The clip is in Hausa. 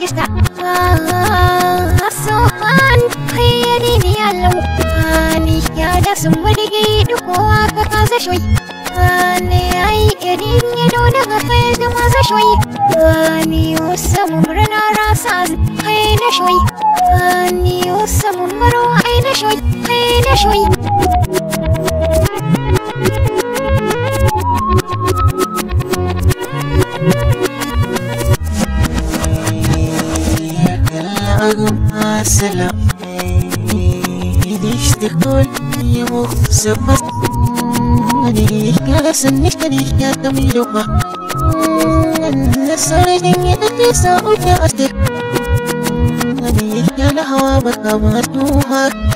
kisa Asuhan khayari ni alwani Ya da sun warge duk waka kaza shoyi Ani ai irin ya dona ga kai da maza shoyi Ani usamu murna rasa kai na Ani maro ai na shoyi ما سلام ليش تقول يا مخزب ليش كاس النشكة ليش يا تميل ما نسرين يدك ساوي يا أصدق ليش يا لهوا بكاماتوها